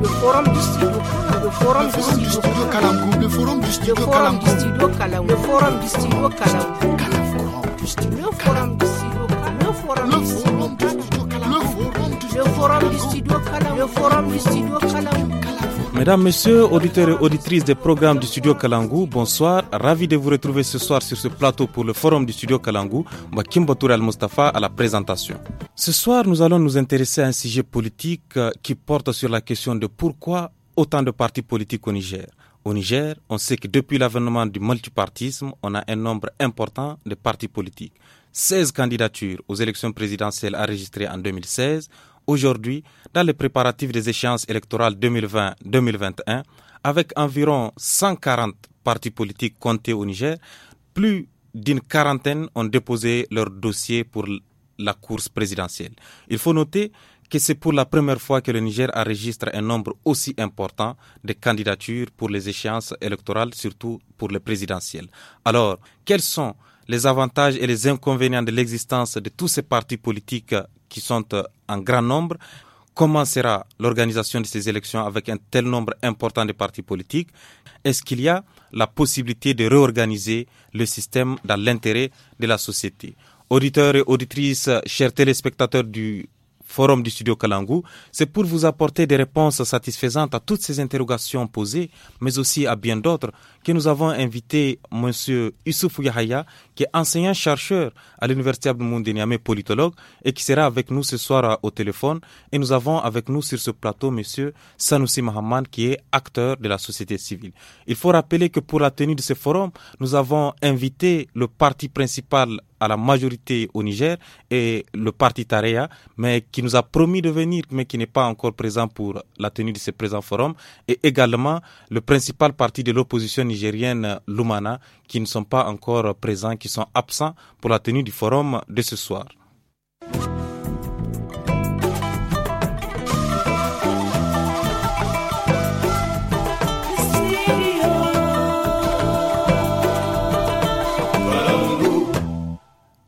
le forum du studio le forum du studio calam, le forum du studio calam, le forum du studio Kalamgou le forum du studio calam, le forum du studio le forum du studio calam, le forum du studio calam. Mesdames, Messieurs, auditeurs et auditrices des programmes du Studio Kalangou, bonsoir. Ravi de vous retrouver ce soir sur ce plateau pour le forum du Studio Kalangou. Mbakim Batoura Al-Mustafa à la présentation. Ce soir, nous allons nous intéresser à un sujet politique euh, qui porte sur la question de pourquoi autant de partis politiques au Niger. Au Niger, on sait que depuis l'avènement du multipartisme, on a un nombre important de partis politiques. 16 candidatures aux élections présidentielles enregistrées en 2016, aujourd'hui dans les préparatifs des échéances électorales 2020-2021 avec environ 140 partis politiques comptés au Niger, plus d'une quarantaine ont déposé leur dossier pour la course présidentielle. Il faut noter que c'est pour la première fois que le Niger enregistre un nombre aussi important de candidatures pour les échéances électorales, surtout pour les présidentielles. Alors, quels sont les avantages et les inconvénients de l'existence de tous ces partis politiques qui sont euh, en grand nombre. Comment sera l'organisation de ces élections avec un tel nombre important de partis politiques Est-ce qu'il y a la possibilité de réorganiser le système dans l'intérêt de la société Auditeurs et auditrices, chers téléspectateurs du forum du studio Kalangu, c'est pour vous apporter des réponses satisfaisantes à toutes ces interrogations posées, mais aussi à bien d'autres, que nous avons invité M. Yusuf Yahaya, qui est enseignant-chercheur à l'Université de Niamey, politologue, et qui sera avec nous ce soir euh, au téléphone. Et nous avons avec nous sur ce plateau M. Sanoussi Mahaman, qui est acteur de la société civile. Il faut rappeler que pour la tenue de ce forum, nous avons invité le parti principal à la majorité au Niger et le parti Tarea, mais qui nous a promis de venir, mais qui n'est pas encore présent pour la tenue de ce présent forum, et également le principal parti de l'opposition nigérienne, Lumana, qui ne sont pas encore présents, qui sont absents pour la tenue du forum de ce soir.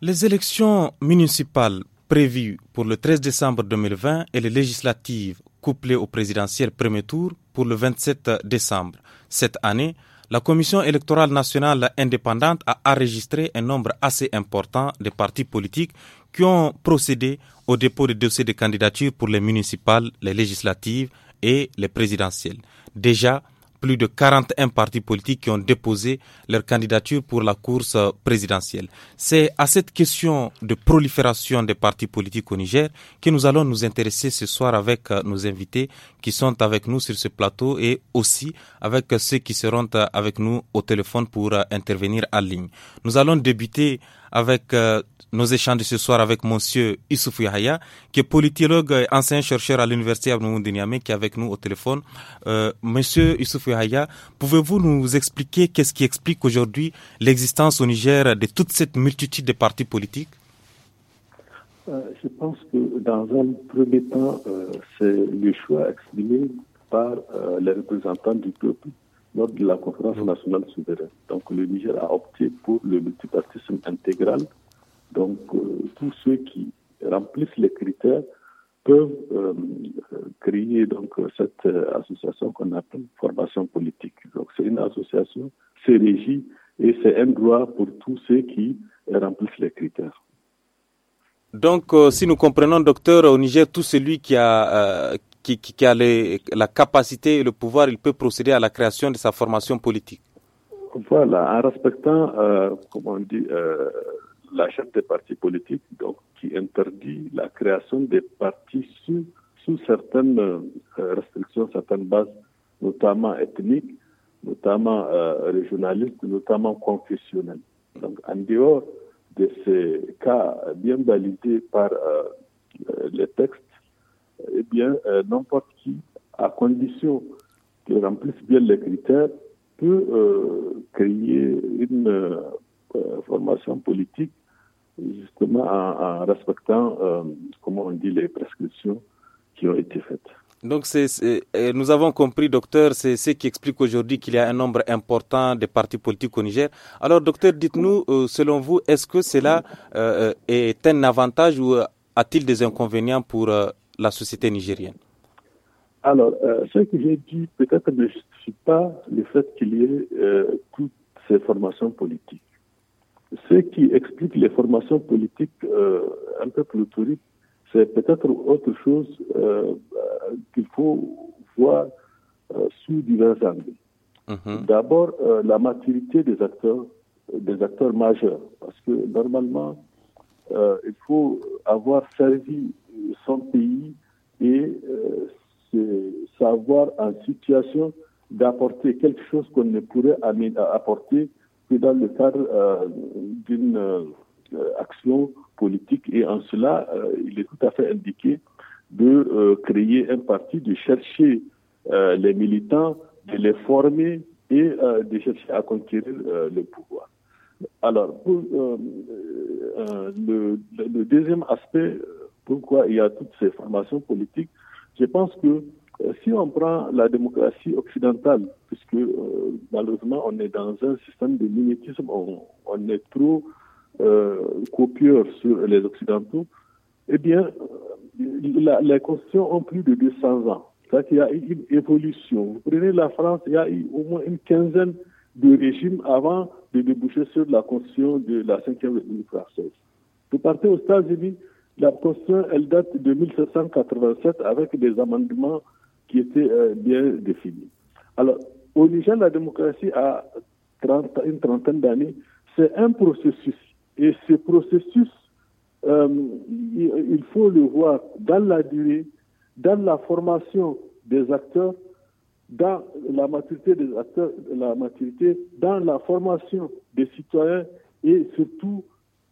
Les élections municipales prévues pour le 13 décembre 2020 et les législatives couplées au présidentiel premier tour pour le 27 décembre. Cette année, la Commission électorale nationale indépendante a enregistré un nombre assez important de partis politiques qui ont procédé au dépôt des dossiers de candidature pour les municipales, les législatives et les présidentielles. Déjà, plus de 41 partis politiques qui ont déposé leur candidature pour la course présidentielle. C'est à cette question de prolifération des partis politiques au Niger que nous allons nous intéresser ce soir avec euh, nos invités qui sont avec nous sur ce plateau et aussi avec euh, ceux qui seront euh, avec nous au téléphone pour intervenir en ligne. Nous allons débuter avec nos échanges de ce soir avec Monsieur Issouf Yahya, qui est politologue et ancien chercheur à l'Université Abdoumoud Niamey, qui est avec nous au téléphone. Euh, Monsieur Issouf Yahya, pouvez-vous nous expliquer qu'est-ce qui explique aujourd'hui l'existence au Niger de toute cette multitude de partis politiques euh, Je pense que dans un premier temps, euh, c'est le choix exprimé par euh, les représentants du peuple lors de la conférence mmh. nationale souveraine. Donc le Niger a opté pour le multipartisme intégral donc, euh, tous ceux qui remplissent les critères peuvent euh, euh, créer donc cette association qu'on appelle formation politique. Donc c'est une association, c'est régie et c'est un droit pour tous ceux qui remplissent les critères. Donc si nous comprenons, docteur, au Niger, tout celui qui a la capacité et le pouvoir, il peut procéder à la création de sa formation politique. Voilà, en respectant, comment on dit, la charte des partis politiques donc, qui interdit la création des partis sous, certaines euh, restrictions, certaines bases, notamment ethniques, notamment euh, régionalistes, notamment confessionnelles. Donc en dehors de ces cas bien validés par euh, les textes, eh bien n'importe qui, à condition qu'il remplisse bien les critères, peut créer une formation politique justement en, respectant, euh, comment on dit, les prescriptions qui ont été faites. Donc, euh, nous avons compris, docteur, c'est ce qui explique aujourd'hui qu'il y a un nombre important de partis politiques au Niger. Alors, docteur, dites-nous, euh, selon vous, est-ce que cela est un avantage ou a-t-il des inconvénients pour la société nigérienne Alors, ce que j'ai dit peut-être ne justifie pas le fait qu'il y ait toutes ces formations politiques. Ce qui explique les formations politiques euh, un peu touristes, c'est peut-être autre chose euh, qu'il faut voir euh, sous divers angles. Mhm. D'abord, la maturité des acteurs, des acteurs majeurs, parce que normalement, il faut avoir servi son pays et savoir en situation d'apporter quelque chose qu'on ne pourrait apporter dans le cadre euh, d'une euh, action politique et en cela, euh, il est tout à fait indiqué de créer un parti, de chercher les militants, de les former et de chercher à conquérir le pouvoir. Alors, le, le, deuxième aspect, pourquoi il y a toutes ces formations politiques, je pense que si on prend la démocratie occidentale, puisque euh, malheureusement, on est dans un système de mimétisme. On, est trop euh, sur les Occidentaux. Eh bien, euh, la, les constitutions ont plus de 200 ans. C'est-à-dire qu'il y a eu une évolution. Vous prenez la France, il y a eu au moins une quinzaine de régimes avant de déboucher sur la constitution de la 5e République française. Vous partez aux États-Unis, la constitution, elle date de 1787 avec des amendements qui étaient euh, bien définis. Alors, au Niger, la démocratie à 30, une trentaine d'années. C'est un processus. Et ce processus, euh, il faut le voir dans la durée, dans la formation des acteurs, dans la maturité des acteurs, la maturité, dans la formation des citoyens et surtout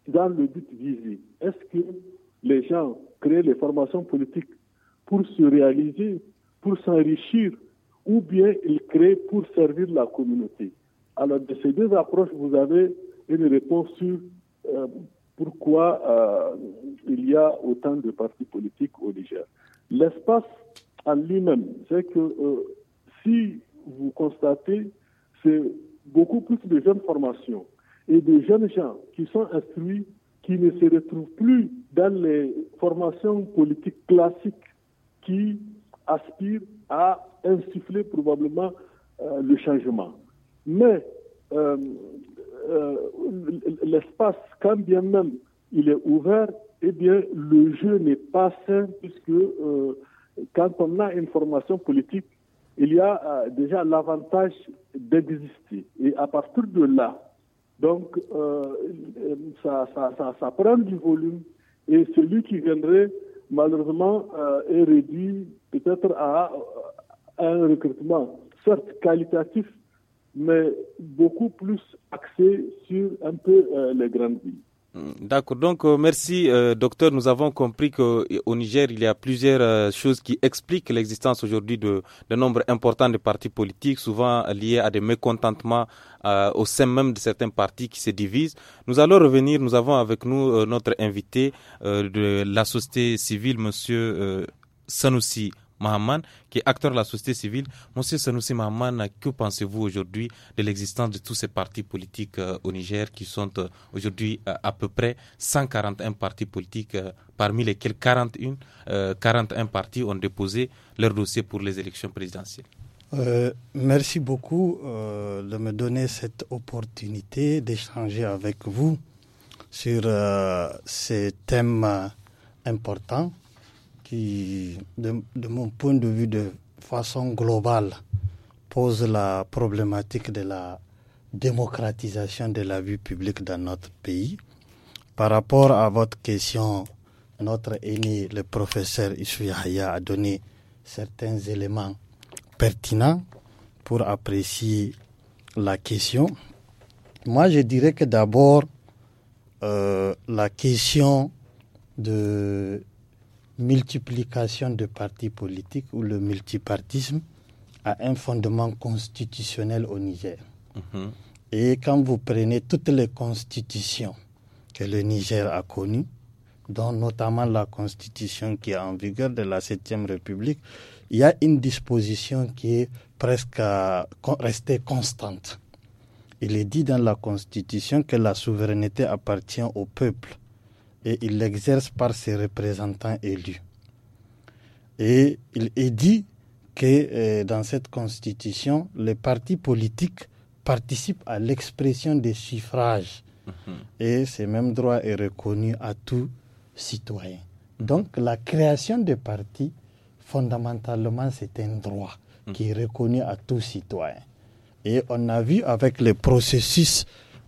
dans le but visé. Est-ce que les gens créent les formations politiques pour se réaliser, pour s'enrichir ou bien il crée pour servir la communauté. Alors de ces deux approches, vous avez une réponse sur euh, pourquoi euh, il y a autant de partis politiques au Niger. L'espace en lui-même, c'est que euh, si vous constatez, c'est beaucoup plus de jeunes formations et de jeunes gens qui sont instruits, qui ne se retrouvent plus dans les formations politiques classiques qui aspirent a insufflé probablement euh, le changement. Mais euh, euh, l'espace, quand bien même il est ouvert, eh bien, le jeu n'est pas sain puisque quand on a une formation politique, il y a déjà l'avantage d'exister. Et à partir de là, donc, ça, ça, ça prend du volume et celui qui viendrait malheureusement, euh, est réduit peut-être à, euh, un recrutement, certes qualitatif, mais beaucoup plus axé sur un peu euh, les grandes villes. D'accord. Donc, euh, merci, euh, docteur. Nous avons compris qu'au euh, Niger, il y a plusieurs choses qui expliquent l'existence aujourd'hui de nombre important de partis politiques, souvent liés à des mécontentements au sein même de certains partis qui se divisent. Nous allons revenir. Nous avons avec nous notre invité de la société civile, monsieur Sanoussi Mahaman, qui est acteur de la société civile. Monsieur Sanoussi Mahaman, que pensez-vous aujourd'hui de l'existence de tous ces partis politiques euh, au Niger qui sont euh, aujourd'hui euh, à peu près 141 partis politiques, parmi lesquels 41, 41 partis ont déposé leur dossier pour les élections présidentielles Merci beaucoup de me donner cette opportunité d'échanger avec vous sur ces thèmes importants qui, de, mon point de vue de façon globale, pose la problématique de la démocratisation de la vie publique dans notre pays. Par rapport à votre question, notre aîné, le professeur Issou a donné certains éléments pertinents pour apprécier la question. Moi, je dirais que d'abord, euh, la question de multiplication de partis politiques ou le multipartisme a un fondement constitutionnel au Niger. Mhm. Et quand vous prenez toutes les constitutions que le Niger a connues, dont notamment la constitution qui est en vigueur de la 7e République, il y a une disposition qui est presque euh, restée constante. Il est dit dans la constitution que la souveraineté appartient au peuple et il l'exerce par ses représentants élus. Et il est dit que euh, dans cette constitution, les partis politiques participent à l'expression des suffrages. Mhm. Et ce même droit est reconnu à tout citoyen. Donc la création des partis, fondamentalement, c'est un droit qui est reconnu à tout citoyen. Et on a vu avec le processus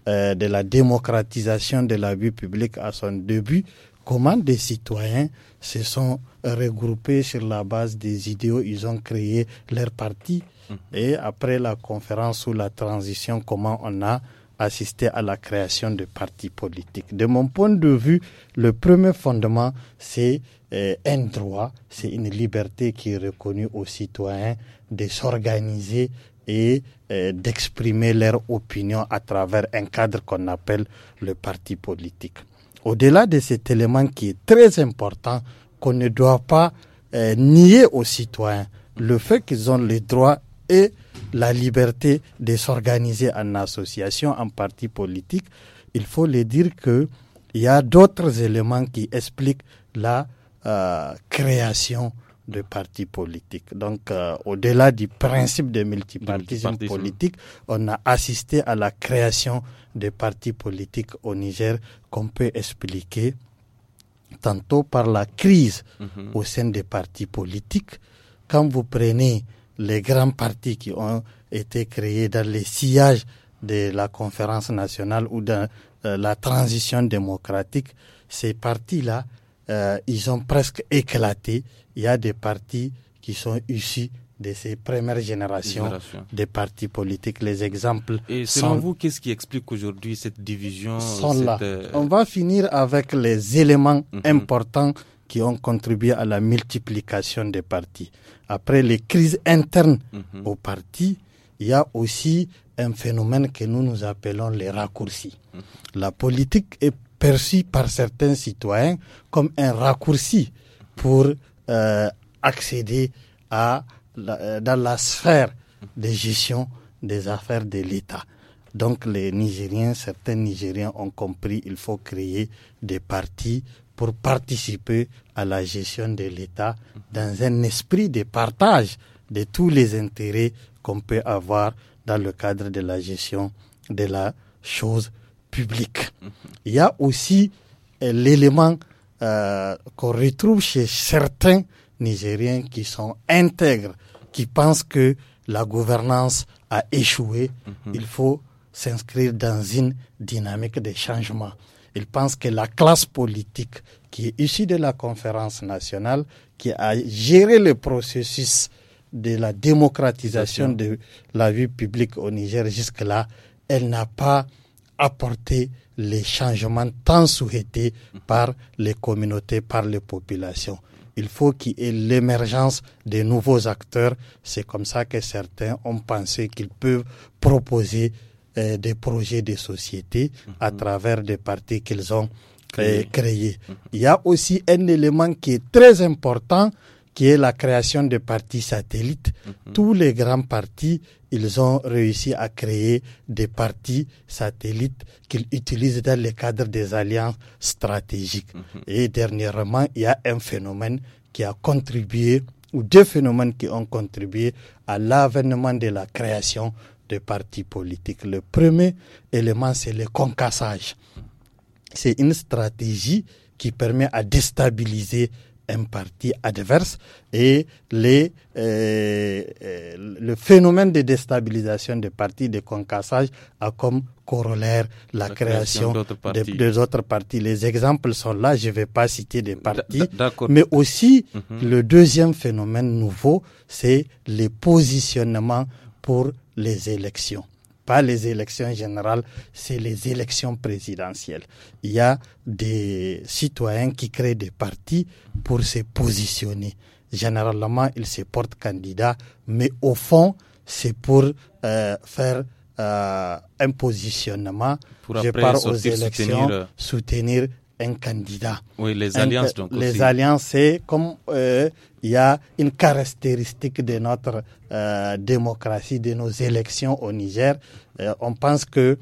euh, de la démocratisation de la vie publique à son début, comment des citoyens se sont regroupés sur la base des idéaux, ils ont créé leur parti. Mhm. Et après la conférence ou la transition, comment on a assisté à la création de partis politiques. De mon point de vue, le premier fondement, c'est euh, un droit, c'est une liberté qui est reconnue aux citoyens de s'organiser, et euh, d'exprimer leur opinion à travers un cadre qu'on appelle le parti politique. Au-delà de cet élément qui est très important, qu'on ne doit pas euh, nier aux citoyens, le fait qu'ils ont le droit et la liberté de s'organiser en association, en parti politique, il faut les dire qu'il y a d'autres éléments qui expliquent la euh, création de partis politiques. Donc, euh, au-delà du principe de multipartisme, politique, on a assisté à la création de partis politiques au Niger qu'on peut expliquer tantôt par la crise mhm. au sein des partis politiques. Quand vous prenez les grands partis qui ont été créés dans les sillages de la conférence nationale ou dans euh, la transition démocratique, ces partis-là euh, ils ont presque éclaté. Il y a des partis qui sont issus de ces premières générations des partis politiques. Les exemples. Et selon vous, qu'est-ce qui explique aujourd'hui cette division sont euh, On va finir avec les éléments mhm. importants qui ont contribué à la multiplication des partis. Après les crises internes mhm. aux partis, il y a aussi un phénomène que nous nous appelons les raccourcis. Mhm. La politique est perçu par certains citoyens comme un raccourci pour euh, accéder à euh, dans la sphère de gestion des affaires de l'État. Donc les Nigériens, certains Nigériens ont compris qu'il faut créer des partis pour participer à la gestion de l'État dans un esprit de partage de tous les intérêts qu'on peut avoir dans le cadre de la gestion de la chose public. Il y a aussi euh, l'élément euh, qu'on retrouve chez certains Nigériens qui sont intègres, qui pensent que la gouvernance a échoué. Mhm. Il faut s'inscrire dans une dynamique de changement. Ils pensent que la classe politique qui est issue de la conférence nationale, qui a géré le processus de la démocratisation de la vie publique au Niger jusque-là, elle n'a pas apporter les changements tant souhaités par les communautés, par les populations. Il faut qu'il y ait l'émergence de nouveaux acteurs. C'est comme ça que certains ont pensé qu'ils peuvent proposer euh, des projets de société à mhm. travers des partis qu'ils ont euh, créés. Mhm. Il y a aussi un élément qui est très important qui est la création de partis satellites. Mhm. Tous les grands partis ils ont réussi à créer des partis satellites qu'ils utilisent dans le cadre des alliances stratégiques. Mhm. Et dernièrement, il y a un phénomène qui a contribué, ou deux phénomènes qui ont contribué à l'avènement de la création de partis politiques. Le premier élément, c'est le concassage. C'est une stratégie qui permet à déstabiliser un parti adverse et les, euh, euh, le phénomène de déstabilisation des partis, de concassage, a comme corollaire la, création, des, autres partis. Les exemples sont là, je ne vais pas citer des partis. Mais aussi, mhm. le deuxième phénomène nouveau, c'est le positionnement pour les élections pas les élections générales, c'est les élections présidentielles. Il y a des citoyens qui créent des partis pour se positionner. Généralement, ils se portent candidats, mais au fond, c'est pour euh, faire euh, un positionnement. Pour Je pars aux élections, euh, soutenir un candidat. Oui, les alliances donc. Les alliances, c'est comme euh, il y a une caractéristique de notre euh, démocratie, de nos élections au Niger. Euh, on pense que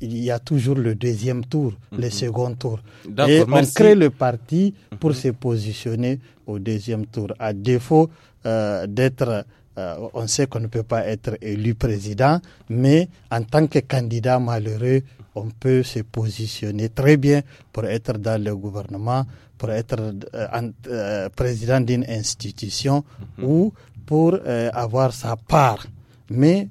il y a toujours le deuxième tour, le mhm. second tour. Et on crée le parti pour mhm. se positionner au deuxième tour. À défaut d'être euh, on sait qu'on ne peut pas être élu président, mais en tant que candidat malheureux, on peut se positionner très bien pour être dans le gouvernement, pour être euh, euh, président d'une institution mhm. ou pour avoir sa part. Mais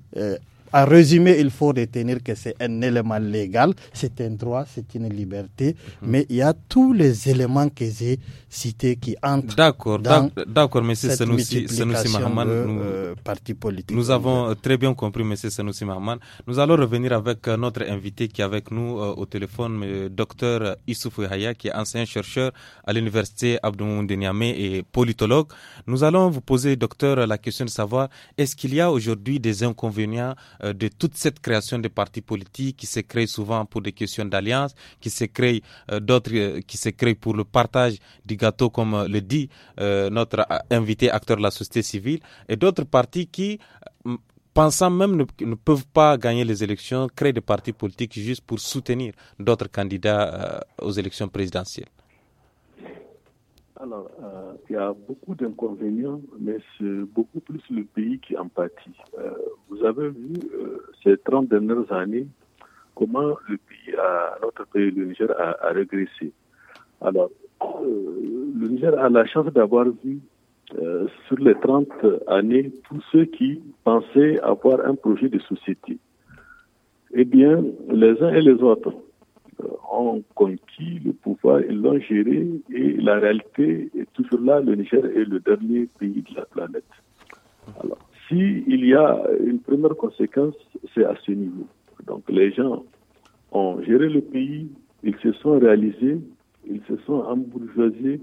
en résumé, il faut retenir que c'est un élément légal, c'est un droit, c'est une liberté, mhm. mais il y a tous les éléments que j'ai cités qui entrent d'accord, dans d'accord, cette Sanoussi, Sanoussi euh, parti politique. Nous avons euh, très bien compris, monsieur Sanoussi Mahaman. Nous allons revenir avec euh, notre invité qui est avec nous euh, au téléphone, le docteur Issoufou Haya, qui est ancien chercheur à l'université Abdoumoun de et politologue. Nous allons vous poser, docteur, la question de savoir est-ce qu'il y a aujourd'hui des inconvénients euh, de toute cette création de partis politiques qui se créent souvent pour des questions d'alliance, qui se créent euh, d'autres, euh, qui se créent pour le partage du gâteau, comme le dit notre invité acteur de la société civile, et d'autres partis qui pensant même ne, peuvent pas gagner les élections, créent des partis politiques juste pour soutenir d'autres candidats aux élections présidentielles. Alors, euh, il y a beaucoup d'inconvénients, mais c'est beaucoup plus le pays qui en pâtit. Euh, vous avez vu euh, ces 30 dernières années comment le pays notre pays, le Niger, a, a régressé. Alors, le Niger a la chance d'avoir vu sur les 30 années tous ceux qui pensaient avoir un projet de société. Eh bien, les uns et les autres euh, ont conquis le pouvoir, ils l'ont géré et la réalité est toujours là. Le Niger est le dernier pays de la planète. Alors, s'il y a une première conséquence, c'est à ce niveau. Donc, les gens ont géré le pays, ils se sont réalisés, ils se sont embourgeoisés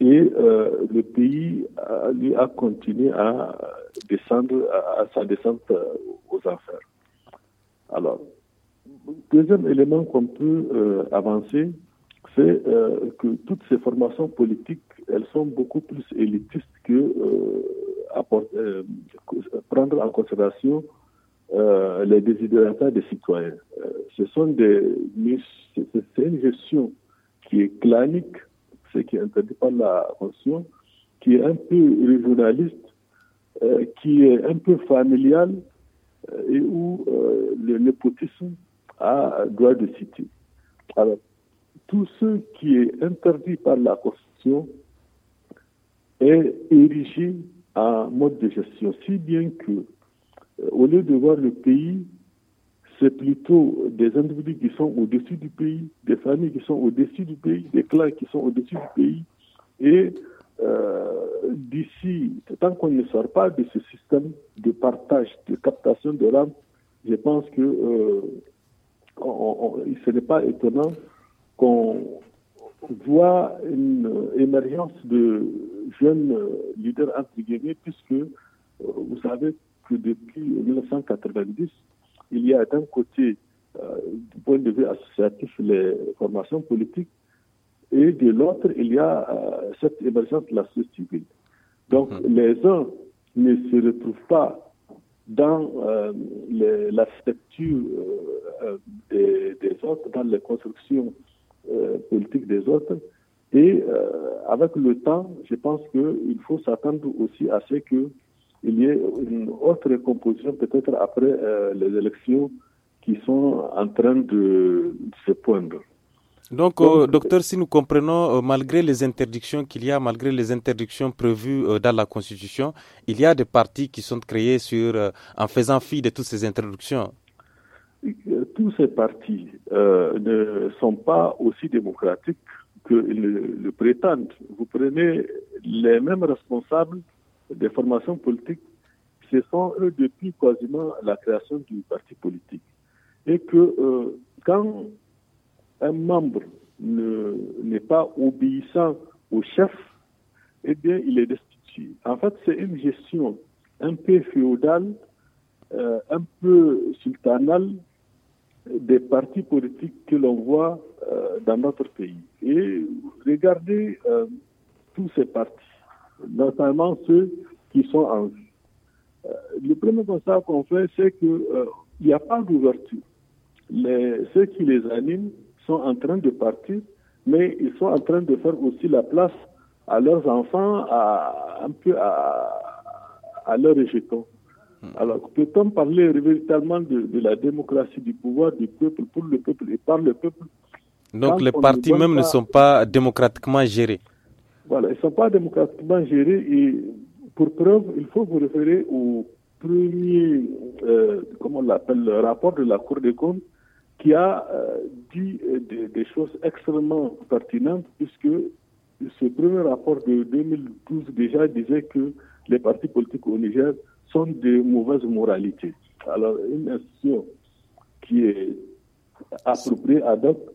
et euh, le pays a, continué à descendre, à, à sa descente euh, aux affaires. Alors, Deuxième élément qu'on peut euh, avancer, c'est euh, que toutes ces formations politiques, elles sont beaucoup plus élitistes que, euh, prendre en considération les désidératas des citoyens. ce sont des, c'est une gestion qui est clanique, ce qui est interdit par la Constitution, qui est un peu régionaliste, qui est un peu familial et où le népotisme à droit de cité. Alors, tout ce qui est interdit par la Constitution est érigé en mode de gestion, si bien que, euh, au lieu de voir le pays, c'est plutôt des individus qui sont au-dessus du pays, des familles qui sont au-dessus du pays, des clans qui sont au-dessus du pays. Et euh, d'ici, tant qu'on ne sort pas de ce système de partage, de captation de l'âme, je pense que euh, ce n'est pas étonnant qu'on voit une émergence de jeunes leaders entre puisque euh, vous savez que depuis 1990, il y a d'un côté, euh, du point de vue associatif, les formations politiques, et de l'autre, il y a euh, cette émergence de la société civile. Donc, mmh. les uns ne se retrouvent pas dans euh, la structure euh, euh, des, autres, dans les constructions politiques des autres. Et avec le temps, je pense qu'il faut s'attendre aussi à ce qu'il y ait une autre composition, peut-être après les élections qui sont en train de se poindre. Donc, euh, docteur, si nous comprenons, euh, malgré les interdictions qu'il y a, malgré les interdictions prévues euh, dans la Constitution, il y a des partis qui sont créés sur, en faisant fi de toutes ces interdictions. Tous ces partis ne sont pas aussi démocratiques que le, le, prétendent. Vous prenez les mêmes responsables des formations politiques, ce sont eux depuis quasiment la création du parti politique. Et que quand un membre n'est pas obéissant au chef, eh bien, il est destitué. En fait, c'est une gestion un peu féodale, euh, un peu sultanale des partis politiques que l'on voit euh, dans notre pays. Et regardez euh, tous ces partis, notamment ceux qui sont en vue. le premier constat qu'on fait, c'est qu'il n'y a pas d'ouverture. Ceux qui les animent sont en train de partir, mais ils sont en train de faire aussi la place à leurs enfants, à, un peu à, leurs rejetons. Hmm. Alors, peut-on parler véritablement de, la démocratie du pouvoir du peuple, pour le peuple et par le peuple Donc, les partis même ne sont pas démocratiquement gérés Voilà, ils ne sont pas démocratiquement gérés et pour preuve, il faut vous référer au premier, euh, comment on l'appelle, rapport de la Cour des comptes qui a euh, dit euh, des, choses extrêmement pertinentes, puisque ce premier rapport de 2012 déjà disait que les partis politiques au Niger sont de mauvaise moralité. Alors, une institution qui est appropriée, adapte,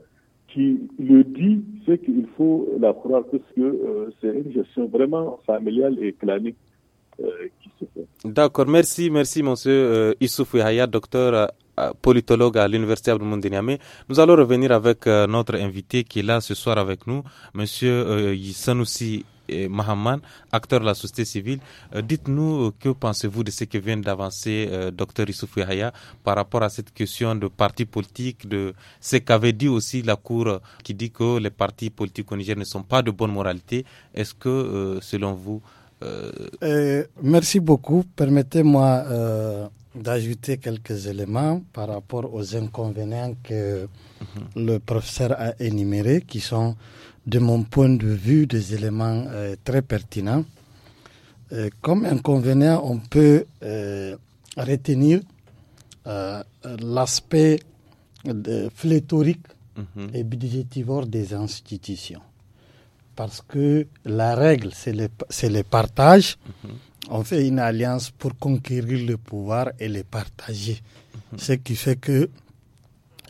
qui le dit, c'est qu'il faut la croire, puisque euh, c'est une gestion vraiment familiale et clanique qui se fait. D'accord, merci, merci, monsieur Issoufou Yahya, docteur euh, politologue à l'Université Abdelmoundé Nous allons revenir avec euh, notre invité qui est là ce soir avec nous, Monsieur euh, Sanoussi Mahaman, acteur de la société civile. Dites-nous que pensez-vous de ce que vient d'avancer Docteur Dr Yahya par rapport à cette question de partis politiques, de ce qu'avait dit aussi la Cour qui dit que les partis politiques au ne sont pas de bonne moralité. Est-ce que, selon vous. Merci beaucoup. Permettez-moi d'ajouter quelques éléments par rapport aux inconvénients que mhm. le professeur a énumérés, qui sont, de mon point de vue, des éléments euh, très pertinents. Euh, comme inconvénient, on peut euh, retenir l'aspect flétorique mhm. et budgétivore des institutions. Parce que la règle, c'est le, partage. Mhm on fait une alliance pour conquérir le pouvoir et le partager. Mhm. Ce qui fait que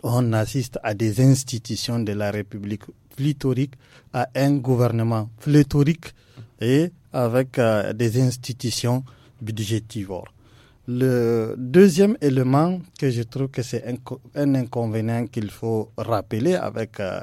on assiste à des institutions de la République flétorique, à un gouvernement flétorique et avec euh, des institutions budgétivores. Le deuxième élément que je trouve que c'est un, inconvénient qu'il faut rappeler avec euh,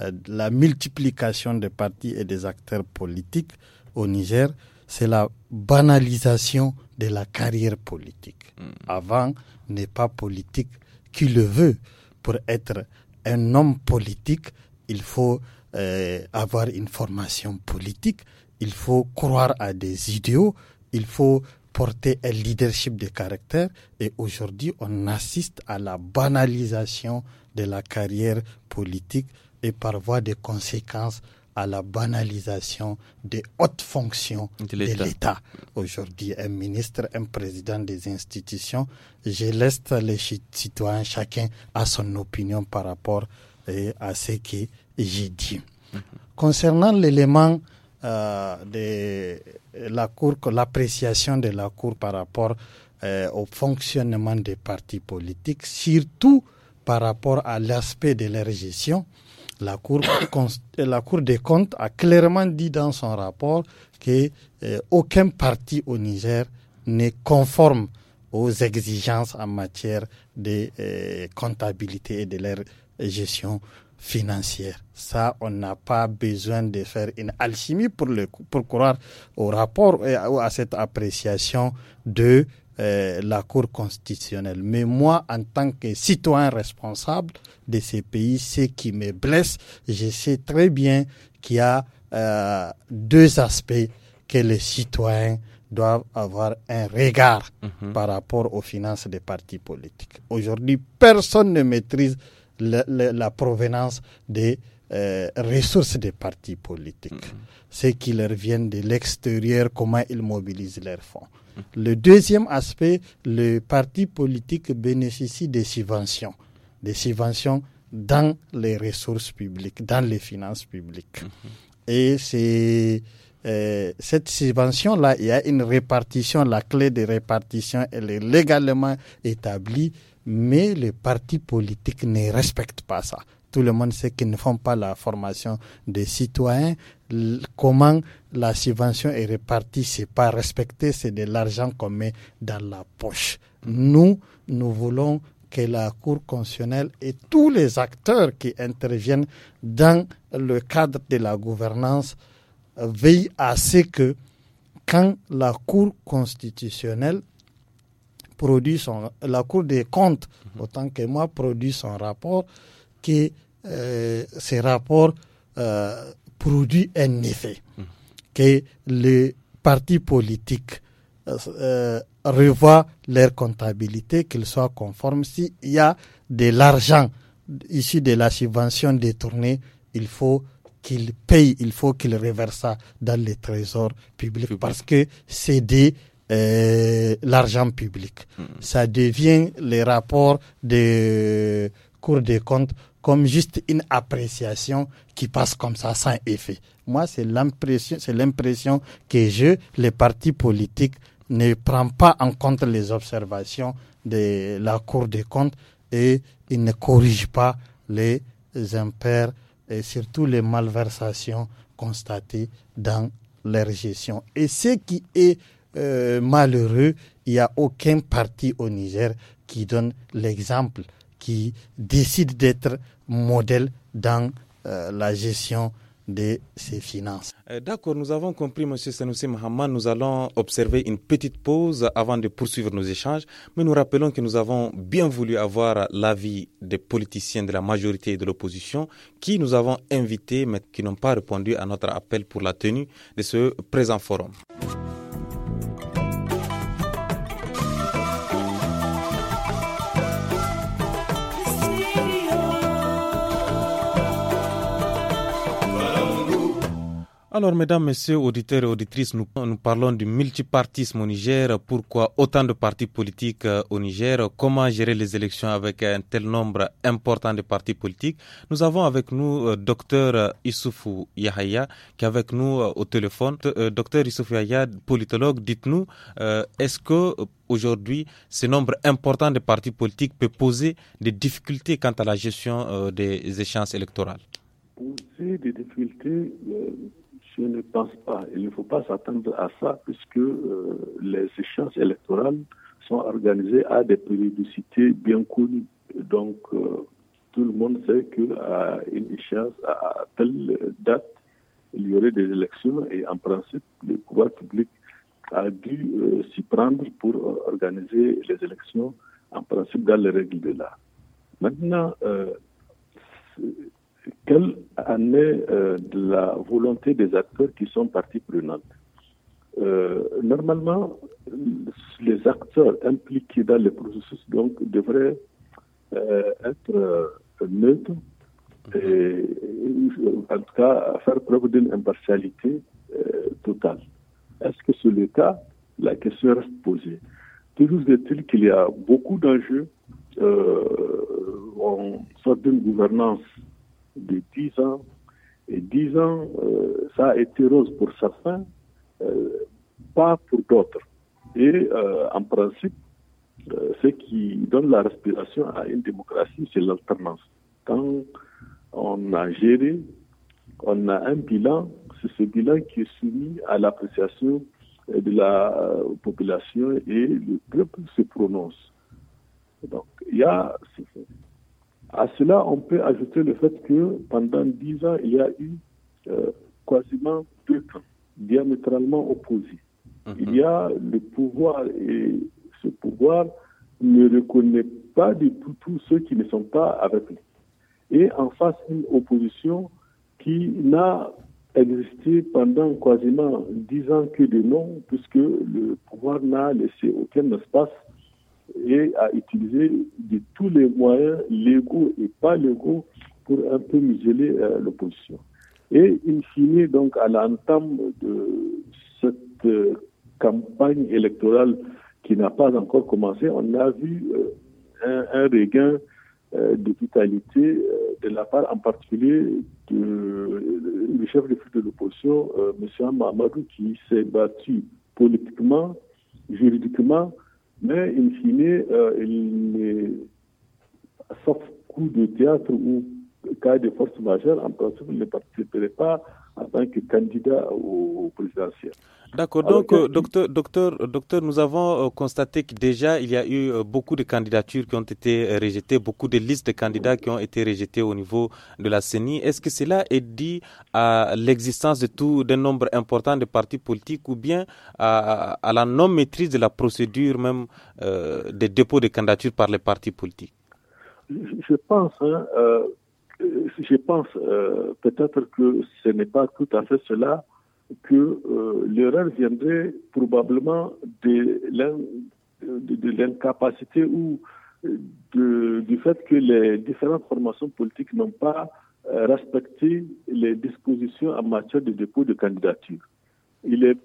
euh, la multiplication des partis et des acteurs politiques au Niger, c'est la banalisation de la carrière politique. Mm. Avant, n'est pas politique qui le veut. Pour être un homme politique, il faut euh, avoir une formation politique, il faut croire à des idéaux, il faut porter un leadership de caractère. Et aujourd'hui, on assiste à la banalisation de la carrière politique et par voie de conséquences, à la banalisation des hautes fonctions de l'État. Aujourd'hui, un ministre, un président des institutions, je laisse les citoyens, chacun à son opinion par rapport euh, à ce que j'ai dit. Concernant l'élément euh, de la Cour, l'appréciation de la Cour par rapport euh, au fonctionnement des partis politiques, surtout par rapport à l'aspect de leur gestion, la Cour, euh, la Cour des comptes a clairement dit dans son rapport que euh, aucun parti au Niger n'est conforme aux exigences en matière de euh, comptabilité et de leur gestion financière. Ça, on n'a pas besoin de faire une alchimie pour, le, pour croire au rapport et à cette appréciation de euh, la Cour constitutionnelle. Mais moi, en tant que citoyen responsable de ces pays, ce qui me blesse, je sais très bien qu'il y a euh, deux aspects que les citoyens doivent avoir un regard mhm. par rapport aux finances des partis politiques. Aujourd'hui, personne ne maîtrise la provenance des euh, ressources des partis politiques, mhm. ce qui leur vient de l'extérieur, comment ils mobilisent leurs fonds. Le deuxième aspect, le parti politique bénéficie des subventions, des subventions dans les ressources publiques, dans les finances publiques. Mm-hmm. Et c'est euh, cette subvention-là, il y a une répartition, la clé de répartition, elle est légalement établie, mais le parti politique ne respecte pas ça. Tout le monde sait qu'ils ne font pas la formation des citoyens, comment la subvention est répartie, c'est pas respecté, c'est de l'argent qu'on met dans la poche. Nous, nous voulons que la Cour constitutionnelle et tous les acteurs qui interviennent dans le cadre de la gouvernance veillent à ce que quand la Cour constitutionnelle produit son, la Cour des comptes, mhm. autant que moi, produit son rapport, que euh, ces rapports euh, produit un effet, que les partis politiques euh, revoient leur comptabilité, qu'ils soient conformes. S'il y a de l'argent issu de la subvention détournée, il faut qu'il paye, il faut qu'il reverse ça dans les trésors publics parce que c'est de euh, l'argent public. Hmm. Ça devient les rapports de cours des comptes comme juste une appréciation qui passe comme ça sans effet. Moi, c'est l'impression, c'est l'impression que je, les partis politiques, ne prend pas en compte les observations de la Cour des comptes et ils ne corrigent pas les impairs et surtout les malversations constatées dans leur gestion. Et ce qui est euh, malheureux, il n'y a aucun parti au Niger qui donne l'exemple, qui décide d'être modèle dans euh, la gestion de ses finances. Euh, d'accord, nous avons compris, M. Sanoussi Mohamed. Nous allons observer une petite pause avant de poursuivre nos échanges. Mais nous rappelons que nous avons bien voulu avoir l'avis des politiciens de la majorité et de l'opposition qui nous avons invités, mais qui n'ont pas répondu à notre appel pour la tenue de ce présent forum. Alors, mesdames, messieurs, auditeurs et auditrices, nous, parlons du multipartisme au Niger. Pourquoi autant de partis politiques euh, au Niger Comment gérer les élections avec un tel nombre important de partis politiques Nous avons avec nous le euh, docteur euh, Issoufou Yahaya, qui est avec nous au téléphone. docteur Issoufou Yahaya, politologue, dites-nous, est-ce que aujourd'hui, ce nombre important de partis politiques peut poser des difficultés quant à la gestion des échéances électorales Poser des difficultés ne pense pas. Il ne faut pas s'attendre à ça puisque euh, les échéances électorales sont organisées à des périodicités bien connues. Donc, euh, tout le monde sait qu'à une échéance, à telle date, il y aurait des élections et en principe, le pouvoir public a dû euh, s'y prendre pour organiser les élections en principe dans les règles de l'art. Maintenant, quelle en est euh, de la volonté des acteurs qui sont partie prenante euh, Normalement, les acteurs impliqués dans le processus donc, devraient euh, être neutres et, en tout cas, faire preuve d'une impartialité totale. Est-ce que c'est le cas La question reste posée. Toujours est-il qu'il y a beaucoup d'enjeux en on d'une gouvernance de 10 ans. Et 10 ans, euh, ça a été rose pour certains, euh, pas pour d'autres. Et euh, en principe, ce qui donne la respiration à une démocratie, c'est l'alternance. Quand on a géré, on a un bilan, c'est ce bilan qui est soumis à l'appréciation de la population et le peuple se prononce. Donc, il y a à cela, on peut ajouter le fait que pendant dix ans, il y a eu euh, quasiment deux camps diamétralement opposés. Mhm. Il y a le pouvoir et ce pouvoir ne reconnaît pas du tout tous ceux qui ne sont pas avec lui. Et en face, une opposition qui n'a existé pendant quasiment dix ans que de noms puisque le pouvoir n'a laissé aucun espace et à utiliser de tous les moyens légaux et pas légaux pour un peu museler euh, l'opposition. Et in fine, donc, à l'entame de cette euh, campagne électorale qui n'a pas encore commencé, on a vu euh, un, regain de vitalité de la part en particulier du chef de file de l'opposition, M. Mamadou, qui s'est battu politiquement, juridiquement, mais, in fine, euh, sauf coup de théâtre ou cas de force majeure, en principe, ne participeraient pas en tant que candidat au, présidentiel. D'accord. Donc, euh, docteur, docteur, docteur, nous avons euh, constaté que déjà il y a eu euh, beaucoup de candidatures qui ont été rejetées, beaucoup de listes de candidats qui ont été rejetées au niveau de la CENI. Est-ce que cela est dû à l'existence de tout d'un nombre important de partis politiques ou bien à, la non maîtrise de la procédure même des dépôts de candidatures par les partis politiques Je pense. Hein, euh, je pense euh, peut-être que ce n'est pas tout à fait cela que euh, l'erreur viendrait probablement de l'incapacité ou du fait que les différentes formations politiques n'ont pas respecté les dispositions en matière de dépôt de candidature. Il est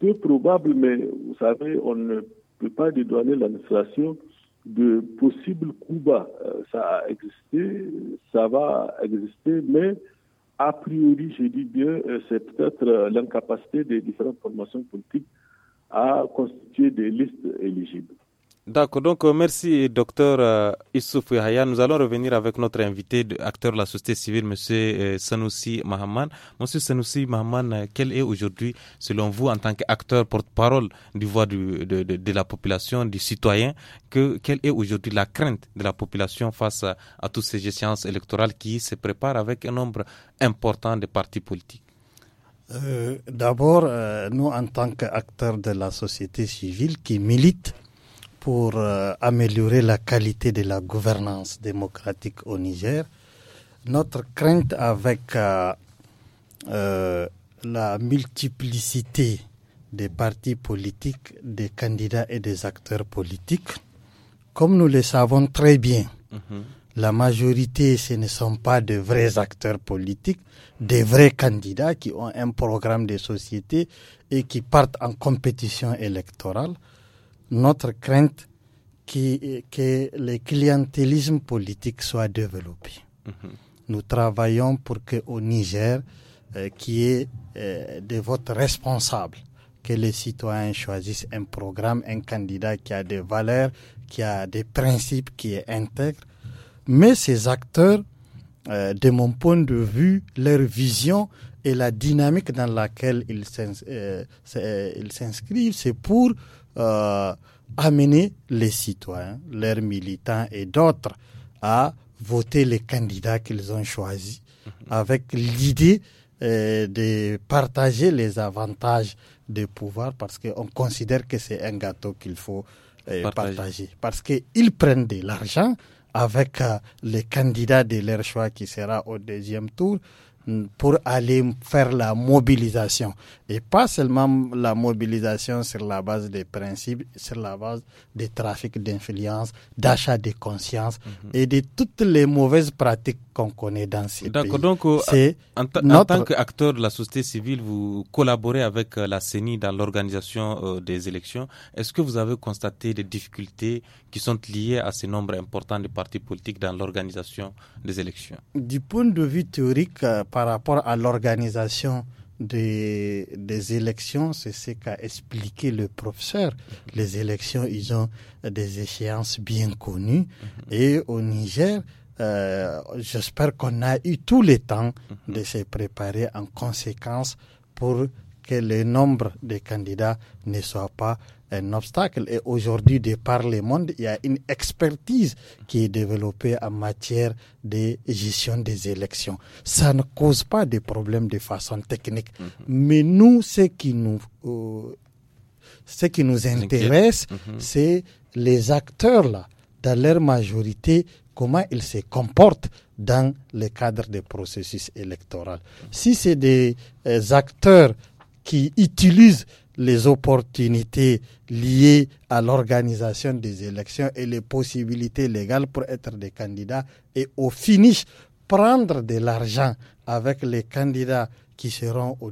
peu probable, mais vous savez, on ne peut pas dédouaner l'administration de possibles coups bas. Euh, ça a existé, ça va exister, mais a priori, je dis bien, euh, c'est peut-être euh, l'incapacité des différentes formations politiques à constituer des listes éligibles. D'accord, donc euh, merci docteur euh, Issouf Yahya. Nous allons revenir avec notre invité, acteur de la société civile, monsieur euh, Sanoussi Mahaman. Monsieur Sanoussi Mahaman, quel est aujourd'hui, selon vous, en tant qu'acteur porte-parole du voix de, la population, du citoyen, quelle est aujourd'hui la crainte de la population face à, toutes ces échéances électorales qui se préparent avec un nombre important de partis politiques D'abord, nous, en tant qu'acteurs de la société civile qui milite, pour euh, améliorer la qualité de la gouvernance démocratique au Niger. Notre crainte avec euh, euh, la multiplicité des partis politiques, des candidats et des acteurs politiques, comme nous le savons très bien, mhm. la majorité, ce ne sont pas de vrais acteurs politiques, des vrais candidats qui ont un programme de société et qui partent en compétition électorale notre crainte que le clientélisme politique soit développé. Mhm. Nous travaillons pour que au Niger, euh, qui est euh, des de votre responsable, que les citoyens choisissent un programme, un candidat qui a des valeurs, qui a des principes, qui est intègre. Mais ces acteurs, euh, de mon point de vue, leur vision et la dynamique dans laquelle ils s'inscrivent, c'est pour euh, amener les citoyens, leurs militants et d'autres à voter les candidats qu'ils ont choisis mhm. avec l'idée euh, de partager les avantages de pouvoir parce qu'on considère que c'est un gâteau qu'il faut euh, partager. Parce qu'ils prennent de l'argent avec les candidats de leur choix qui sera au deuxième tour pour aller faire la mobilisation. Et pas seulement la mobilisation sur la base des principes, sur la base des trafics d'influence, d'achat de conscience mhm. et de toutes les mauvaises pratiques qu'on connaît dans ces pays. Donc, euh, en, tant qu'acteur de la société civile, vous collaborez avec euh, la CENI dans l'organisation euh, des élections. Est-ce que vous avez constaté des difficultés qui sont liées à ce nombre important de partis politiques dans l'organisation des élections Du point de vue théorique, par rapport à l'organisation des, élections, c'est ce qu'a expliqué le professeur. Les élections, ils ont des échéances bien connues. Mhm. Et au Niger, euh, j'espère qu'on a eu tout le temps mhm. de se préparer en conséquence pour que le nombre de candidats ne soit pas un obstacle. Et aujourd'hui, de par le monde, il y a une expertise qui est développée en matière de gestion des élections. Ça ne cause pas des problèmes de façon technique. Mhm. Mais nous, ce qui nous, euh, ce qui nous intéresse, mhm. c'est les acteurs là, dans leur majorité, comment ils se comportent dans le cadre des processus électoraux. Si c'est des euh, acteurs qui utilisent les opportunités liées à l'organisation des élections et les possibilités légales pour être des candidats et au finish prendre de l'argent avec les candidats qui seront au,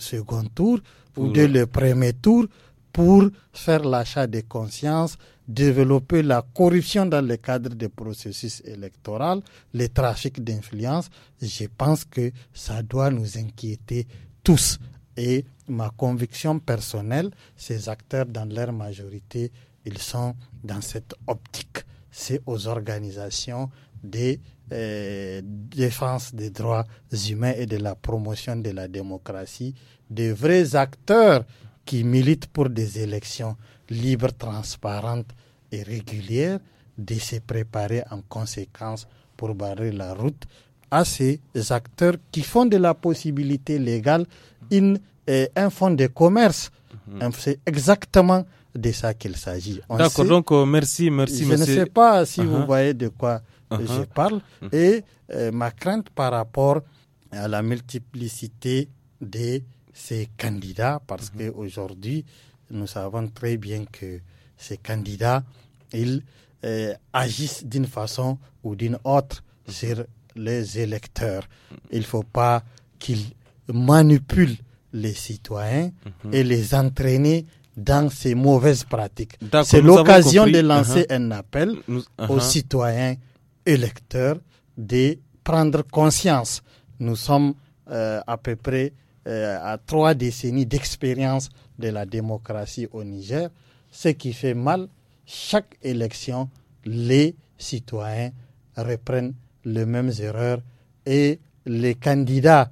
second tour ou dès le premier tour pour faire l'achat des consciences, développer la corruption dans le cadre des processus électoraux, les trafics d'influence. Je pense que ça doit nous inquiéter tous et ma conviction personnelle, ces acteurs, dans leur majorité, ils sont dans cette optique. C'est aux organisations de euh, défense des droits humains et de la promotion de la démocratie, des vrais acteurs qui militent pour des élections libres, transparentes et régulières, de se préparer en conséquence pour barrer la route à ces acteurs qui font de la possibilité légale euh, un fonds de commerce. Mhm. Hein, c'est exactement de ça qu'il s'agit. D'accord, donc euh, merci, merci, Je ne sais pas si uh-huh. vous voyez de quoi euh, je uh-huh. parle. Uh-huh. Et ma crainte par rapport à la multiplicité de ces candidats, parce qu'aujourd'hui, nous savons très bien que ces candidats, ils agissent d'une façon ou d'une autre sur les électeurs. Il ne faut pas qu'ils manipulent les citoyens mhm. et les entraîner dans ces mauvaises pratiques. C'est l'occasion de uh-huh. lancer un appel uh-huh. aux citoyens électeurs de prendre conscience. Nous sommes euh, à peu près euh, à trois décennies d'expérience de la démocratie au Niger. Ce qui fait mal, chaque élection, les citoyens reprennent les mêmes erreurs et les candidats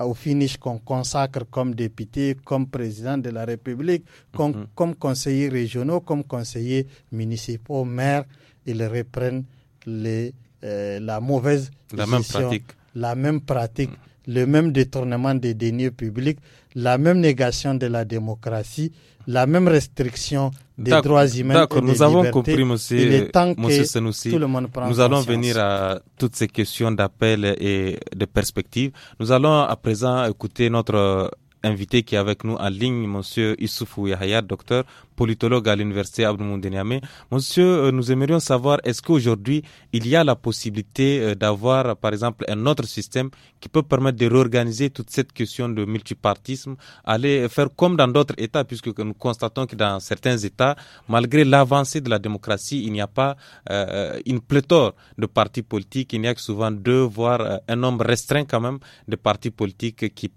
au finish qu'on consacre comme député, comme président de la République, comme, mhm. comme conseillers régionaux, comme conseillers municipaux, maires, ils reprennent les, euh, la mauvaise la même pratique, la même pratique mhm. le même détournement des deniers publics, la même négation de la démocratie la même restriction des droits humains. D'accord, nous avons compris, monsieur, Il est temps que tout le monde prend Nous allons venir à toutes ces questions d'appel et de perspective. Nous allons à présent écouter notre invité qui est avec nous en ligne, Monsieur Issoufou Yahya, docteur politologue à l'université Abdoumoundeniamé. Monsieur, euh, nous aimerions savoir est-ce qu'aujourd'hui il y a la possibilité euh, d'avoir, par exemple, un autre système qui peut permettre de réorganiser toute cette question de multipartisme, aller faire comme dans d'autres États, puisque nous constatons que dans certains États, malgré l'avancée de la démocratie, il n'y a pas euh, une pléthore de partis politiques, il n'y a que souvent deux, voire un nombre restreint quand même de partis politiques qui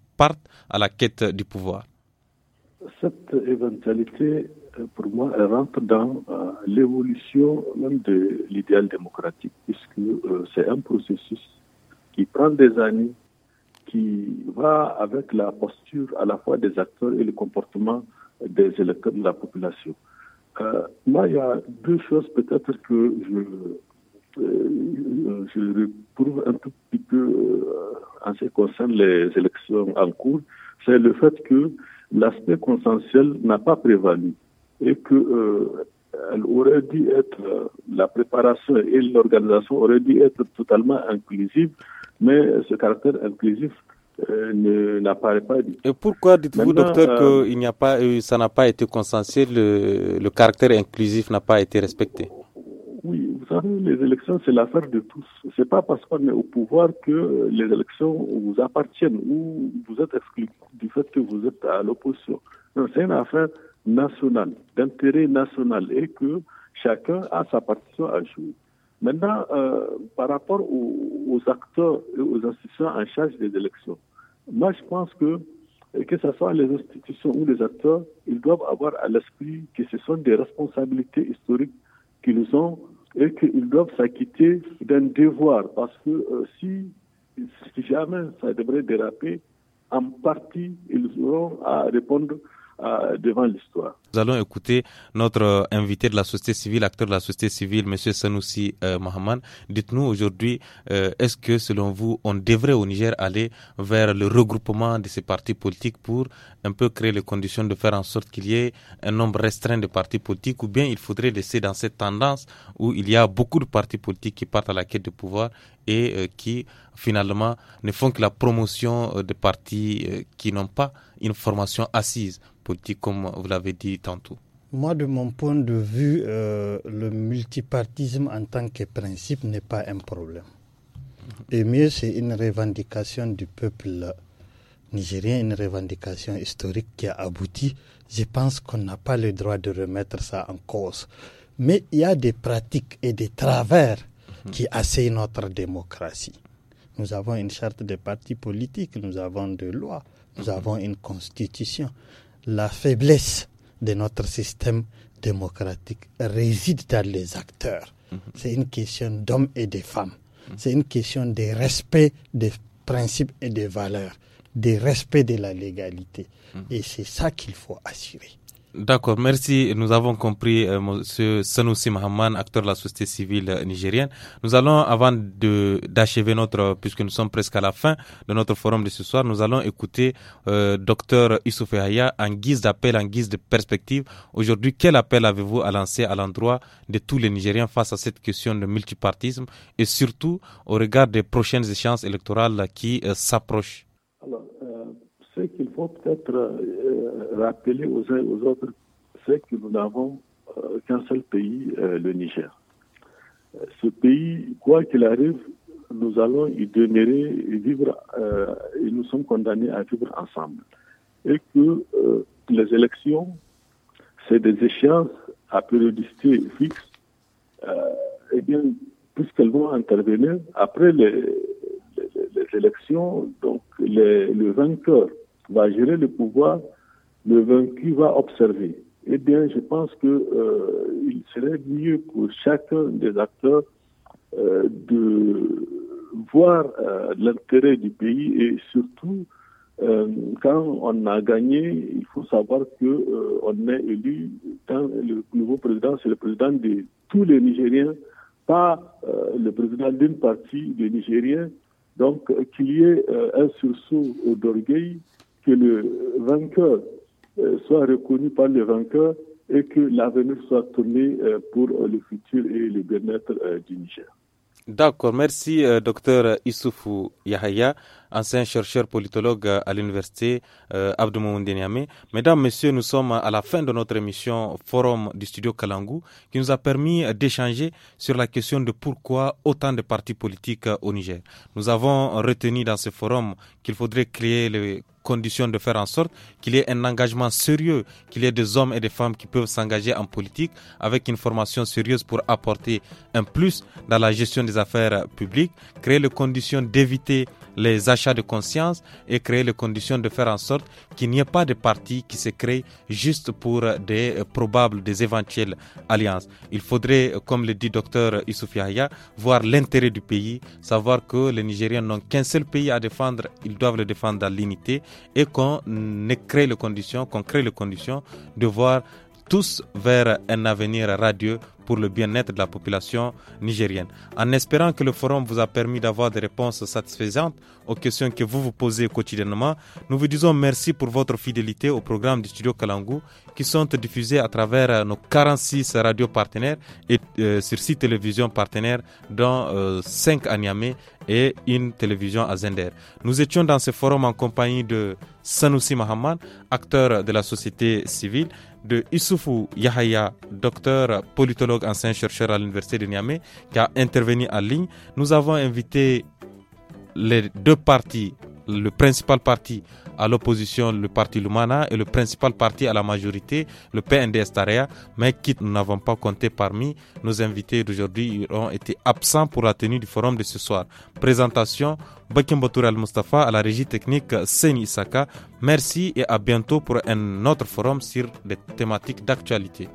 à la quête du pouvoir Cette éventualité, euh, pour moi, elle rentre dans euh, l'évolution même de l'idéal démocratique, puisque euh, c'est un processus qui prend des années, qui va avec la posture à la fois des acteurs et le comportement des électeurs de la population. Là, moi, il y a deux choses peut-être que je euh, je retrouve un tout petit peu, euh, en ce qui concerne les élections en cours, c'est le fait que l'aspect consensuel n'a pas prévalu et que euh, elle aurait dû être, la préparation et l'organisation auraient dû être totalement inclusive, mais ce caractère inclusif n'apparaît pas. Du... Et pourquoi dites-vous, docteur, que ça n'a pas été consensuel, le caractère inclusif n'a pas été respecté oui, vous savez, les élections, c'est l'affaire de tous. C'est pas parce qu'on est au pouvoir que les élections vous appartiennent ou vous êtes exclu du fait que vous êtes à l'opposition. c'est une affaire nationale, d'intérêt national et que chacun a sa partition à jouer. Maintenant, euh, par rapport aux, acteurs et aux institutions en charge des élections, moi je pense que euh, que ce soit les institutions ou les acteurs, ils doivent avoir à l'esprit que ce sont des responsabilités historiques qui nous ont et qu'ils doivent s'acquitter d'un devoir, parce que euh, si, si, jamais ça devrait déraper, en partie, ils auront à répondre euh, devant l'histoire. Nous allons écouter notre euh, invité de la société civile, acteur de la société civile, Monsieur Sanoussi euh, Mahaman. Dites-nous aujourd'hui, euh, est-ce que selon vous, on devrait au Niger aller vers le regroupement de ces partis politiques pour un peu créer les conditions de faire en sorte qu'il y ait un nombre restreint de partis politiques ou bien il faudrait laisser dans cette tendance où il y a beaucoup de partis politiques qui partent à la quête de pouvoir et qui finalement ne font que la promotion de partis qui n'ont pas une formation assise politique comme vous l'avez dit tantôt Moi, de mon point de vue, euh, le multipartisme en tant que principe n'est pas un problème. Mhm. Et mieux, c'est une revendication du peuple nigérien, une revendication historique qui a abouti. Je pense qu'on n'a pas le droit de remettre ça en cause. Mais il y a des pratiques et des travers mhm. qui assaillent notre démocratie. Nous avons une charte des partis politiques, nous avons des lois, nous mhm. avons une constitution. La faiblesse de notre système démocratique réside dans les acteurs. Mhm. C'est une question d'hommes et de femmes. Mhm. C'est une question de respect des principes et des valeurs, des respect de la légalité. Mhm. Et c'est ça qu'il faut assurer. D'accord, merci. Nous avons compris euh, Monsieur Sanoussi Mahaman, acteur de la société civile euh, nigérienne. Nous allons, avant de d'achever notre, puisque nous sommes presque à la fin de notre forum de ce soir, nous allons écouter euh, Docteur Haya en guise d'appel, en guise de perspective. Aujourd'hui, quel appel avez-vous à lancer à l'endroit de tous les Nigériens face à cette question de multipartisme et surtout au regard des prochaines échéances électorales qui s'approchent qu'il faut peut-être euh, euh, rappeler aux uns aux autres, c'est que nous n'avons euh, qu'un seul pays, le Niger. Ce pays, quoi qu'il arrive, nous allons y demeurer et vivre, et nous sommes condamnés à vivre ensemble. Et que les élections, c'est des échéances à périodicité fixe, et bien, puisqu'elles vont intervenir après les, élections, donc les, le vainqueur va gérer le pouvoir, le vaincu va observer. Eh bien, je pense que euh, il serait mieux pour chacun des acteurs euh, de voir euh, l'intérêt du pays et surtout quand on a gagné, il faut savoir que on est élu quand le nouveau président, c'est le président de tous les Nigériens, pas le président d'une partie des Nigériens. Donc qu'il y ait un sursaut au d'orgueil que le vainqueur euh, soit reconnu par les vainqueur et que l'avenir soit tourné euh, pour euh, le futur et le bien-être du Niger. D'accord, merci docteur Issoufou Yahaya ancien chercheur politologue euh, à l'université euh, Ndeniame. Mesdames, Messieurs, nous sommes à la fin de notre émission Forum du studio Kalangou qui nous a permis euh, d'échanger sur la question de pourquoi autant de partis politiques euh, au Niger. Nous avons retenu dans ce forum qu'il faudrait créer les conditions de faire en sorte qu'il y ait un engagement sérieux, qu'il y ait des hommes et des femmes qui peuvent s'engager en politique avec une formation sérieuse pour apporter un plus dans la gestion des affaires publiques, créer les conditions d'éviter les achats de conscience et créer les conditions de faire en sorte qu'il n'y ait pas de parti qui se crée juste pour des euh, probables, des éventuelles alliances. Il faudrait, euh, comme le dit docteur Issouf Yahya, voir l'intérêt du pays, savoir que les Nigériens n'ont qu'un seul pays à défendre, ils doivent le défendre dans l'unité et qu'on crée les conditions, qu'on crée les conditions de voir tous vers un avenir radieux pour le bien-être de la population nigérienne. En espérant que le forum vous a permis d'avoir des réponses satisfaisantes aux questions que vous vous posez quotidiennement, nous vous disons merci pour votre fidélité au programme du studio Kalangu qui sont diffusés à travers euh, nos 46 radios partenaires et euh, sur 6 télévisions partenaires dont 5 euh, à Niamey et une télévision à Zender. Nous étions dans ce forum en compagnie de Sanoussi Mahamad, acteur de la société civile, de Issoufou Yahaya, docteur politologue ancien chercheur à l'université de Niamey, qui a intervenu en ligne. Nous avons invité les deux parties le principal parti à l'opposition, le parti Lumana, et le principal parti à la majorité, le PNDS Tarea, mais qui nous n'avons pas compté parmi nos invités d'aujourd'hui. Ils ont été absents pour la tenue du forum de ce soir. Présentation, Bakim Batoura Al-Mustafa à la régie technique Seni Isaka. Merci et à bientôt pour un autre forum sur des thématiques d'actualité.